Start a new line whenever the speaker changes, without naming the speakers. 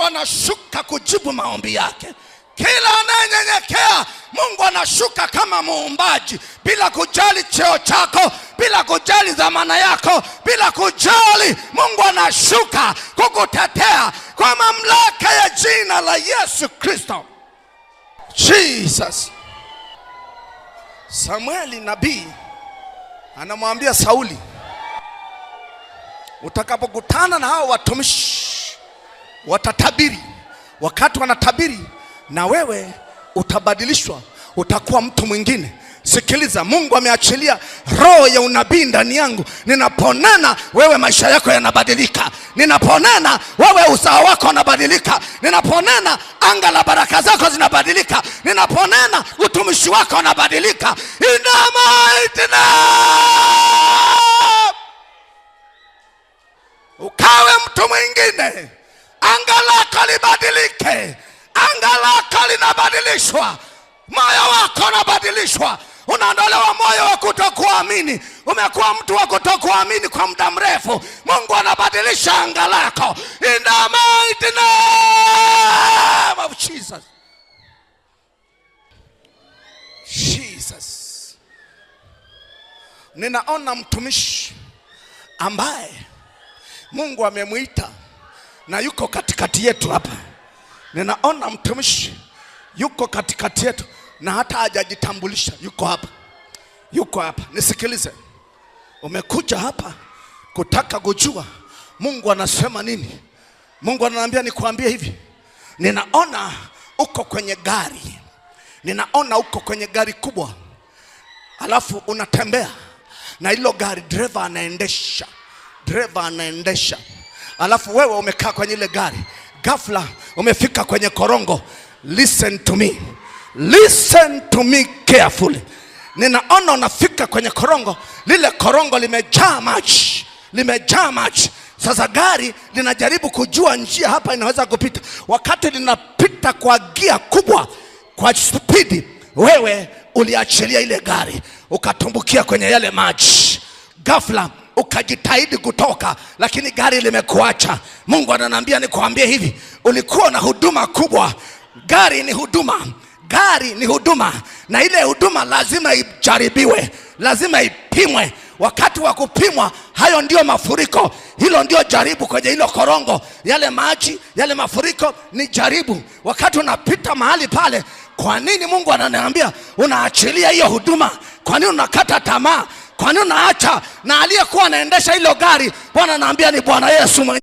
Mungu anashuka kujibu maombi yake. Kila anayenyenyekea Mungu anashuka kama muumbaji, bila kujali cheo chako, bila kujali dhamana yako, bila kujali. Mungu anashuka kukutetea kwa mamlaka ya jina la Yesu Kristo.
Jesus. Samueli nabii anamwambia Sauli, utakapokutana na hao watumishi watatabiri. Wakati wanatabiri, na wewe utabadilishwa, utakuwa mtu mwingine. Sikiliza, Mungu ameachilia roho ya unabii ndani yangu. Ninaponena wewe, maisha yako yanabadilika. Ninaponena wewe, usawa wako unabadilika. Ninaponena anga la baraka zako zinabadilika. Ninaponena utumishi wako unabadilika. inamaitina ukawe mtu mwingine anga lako libadilike. Anga lako linabadilishwa, moyo wako unabadilishwa, unaondolewa moyo wa kutokuamini. Umekuwa mtu wa kutokuamini kwa muda mrefu, Mungu anabadilisha anga lako. In the mighty name of Jesus. Jesus. Ninaona mtumishi ambaye Mungu amemwita na yuko katikati yetu hapa, ninaona mtumishi yuko katikati yetu na hata hajajitambulisha. Yuko hapa, yuko hapa. Nisikilize, umekuja hapa kutaka kujua Mungu anasema nini. Mungu ananiambia nikuambie hivi, ninaona uko kwenye gari, ninaona uko kwenye gari kubwa, alafu unatembea na hilo gari, dereva anaendesha, dereva anaendesha alafu wewe umekaa kwenye ile gari, ghafla umefika kwenye korongo. Listen to me, listen to me carefully. Ninaona unafika kwenye korongo, lile korongo limejaa maji, limejaa maji. Sasa gari linajaribu kujua njia hapa inaweza kupita, wakati linapita kwa gia kubwa, kwa spidi, wewe uliachilia ile gari ukatumbukia kwenye yale maji. Ghafla ukajitahidi kutoka, lakini gari limekuacha. Mungu ananiambia nikuambie hivi, ulikuwa na huduma kubwa. Gari ni huduma, gari ni huduma, na ile huduma lazima ijaribiwe, lazima ipimwe. Wakati wa kupimwa, hayo ndiyo mafuriko, hilo ndio jaribu kwenye hilo korongo. Yale maji, yale mafuriko ni jaribu. Wakati unapita mahali pale, kwa nini Mungu ananiambia unaachilia hiyo huduma? Kwa nini unakata tamaa? Kwa nini naacha? Na aliyekuwa anaendesha hilo gari, Bwana anaambia ni Bwana Yesu mwenyewe.